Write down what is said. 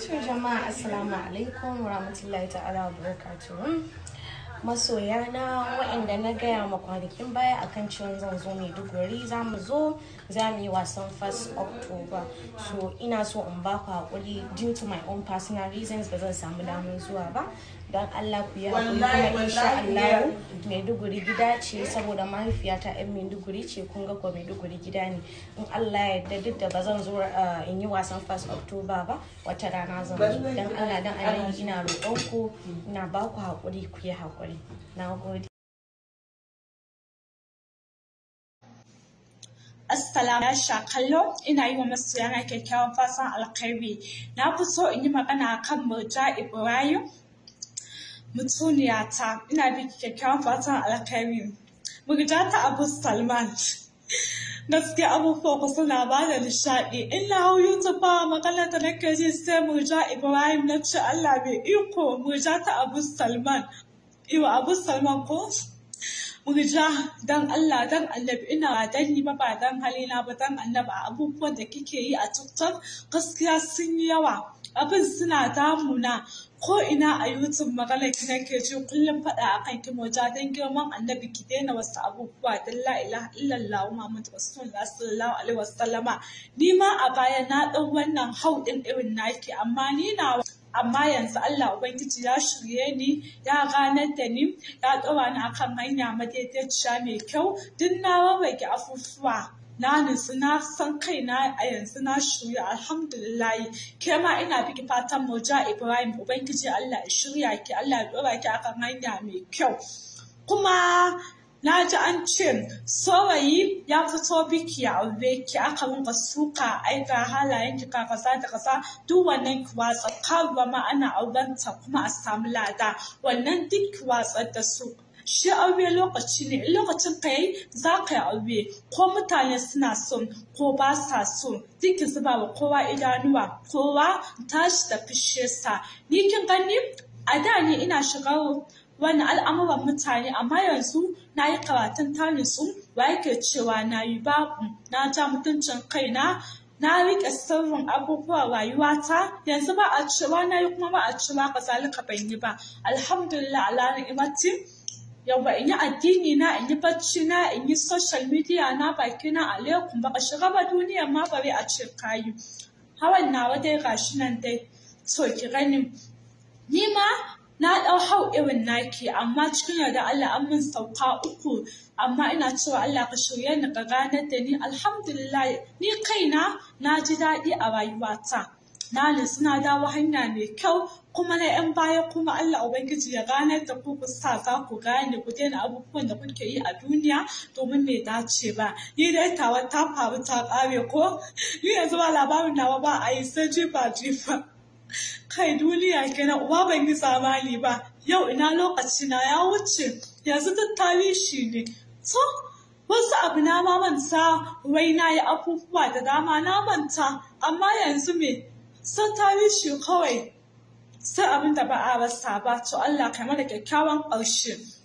To jama'a assalamu alaikum wa rahmatullahi ta'ala wa barakatuhu. Masoya na waɗanda na gaya ma kwanakin baya akan ciwon zan zo mai duk za mu zo za mu yi wasan 1st October. So ina so in ba ku haƙuri due to my own personal reasons ba zan samu damar zuwa ba. dan Allah ku yi haƙuri kuma insha Allah Maiduguri gida ce saboda mahaifiyata yan Maiduguri ce kun ga kuwa Maiduguri gida ne in Allah ya yarda duk da ba zan zo eh, in yi wasan first October ba wata rana zan zo don Allah don Allah ina roƙon ku ina ba ku haƙuri ku yi haƙuri na gode Assalamu kallo ina yi wa masoyana kyakkyawan fasan alkhairi na fi so in yi magana kan Murja Ibrahim mutuniya ta ina biki kyakkyawan fatan alkhairi murja ta abu salman gaskiya abubuwa ku suna ba da nishaɗi Ina na hau youtube ba maganar da nake ji sai murja ibrahim na ce allah bai iko murja ta abu salman iwa abu salman ko murja dan Allah dan annabi ina dan yi ba ba dan halina ba dan annabi abubuwan da kike yi a TikTok gaskiya sun yi yawa abin suna damuna ko ina a yutun maganar ki nake ji kullum faɗa akan ki moja don girman annabi ki daina wasu abubuwa don la ilaha illallah muhammadu rasulullah sallallahu alaihi wasallama ni ma a baya na ɗau wannan hau ɗin irin naki amma ni na amma yanzu Allah Ubangiji ya shirye ni ya ganar da ni ya ɗora ni akan hanya madaidaiciya mai kyau duk na warware afusuwa. na nutsu na san kaina a yanzu na shirya alhamdulillahi ke ma ina biki fatan moja ibrahim ubangiji allah ya shirya ki allah ya dora ki akan hanya mai kyau kuma na ji an ce saurayi ya fito biki a aure ki aka rinka suka aika halayen ki ka kaza da kaza duk wannan ki watsa karuwa ma ana aurenta kuma a samu lada wannan duk ki watsar da su shi aure lokaci ne in lokacin ka yi za ka yi aure ko mutane suna son ko ba sa son ki zuba wa kowa idanuwa kowa tashi da fishe sa ni kin gani a da ne ina shiga wani al'amuran mutane amma yanzu na yi karatun tarin su wa yake cewa na yi babu na ja mutuncin kaina na riƙe sirrin abubuwan rayuwata yanzu ba a cewa na yi kuma ba a cewa zalika ban yi ba alhamdulillah alhamdulillah ni'imati yawwa in yi addini na in yi bacci na in yi social media na baki na alaikum baka shiga ba duniyar ma bari a ce kayu hawan nawa dai gashi nan dai so ki gani ni ma na ɗau hau irin naki amma cikin yarda Allah an min sauka uku amma ina cewa Allah ka shirye ni ka ganar da ni alhamdulillah ni kaina na ji daɗi a rayuwata. na suna dawo hanya mai kyau kuma na yan baya kuma Allah Ubangiji ya gane da ku sa za ku gane ku daina abubuwan da kuke yi a duniya domin mai dace ba ni dai tawa ta faru ta kare ko ni yanzu ba labarin nawa ba a yi sai jifa jifa kai duniya kenan uwa ban yi tsammani ba yau ina lokaci na ya wuce yanzu duk tarihi ne to wasu abu na ma manta wai na yi abubuwa da dama na manta amma yanzu me sun ta shi kawai sai abinda da ba a rasa ba to Allah kai mana kyakkyawan ƙarshe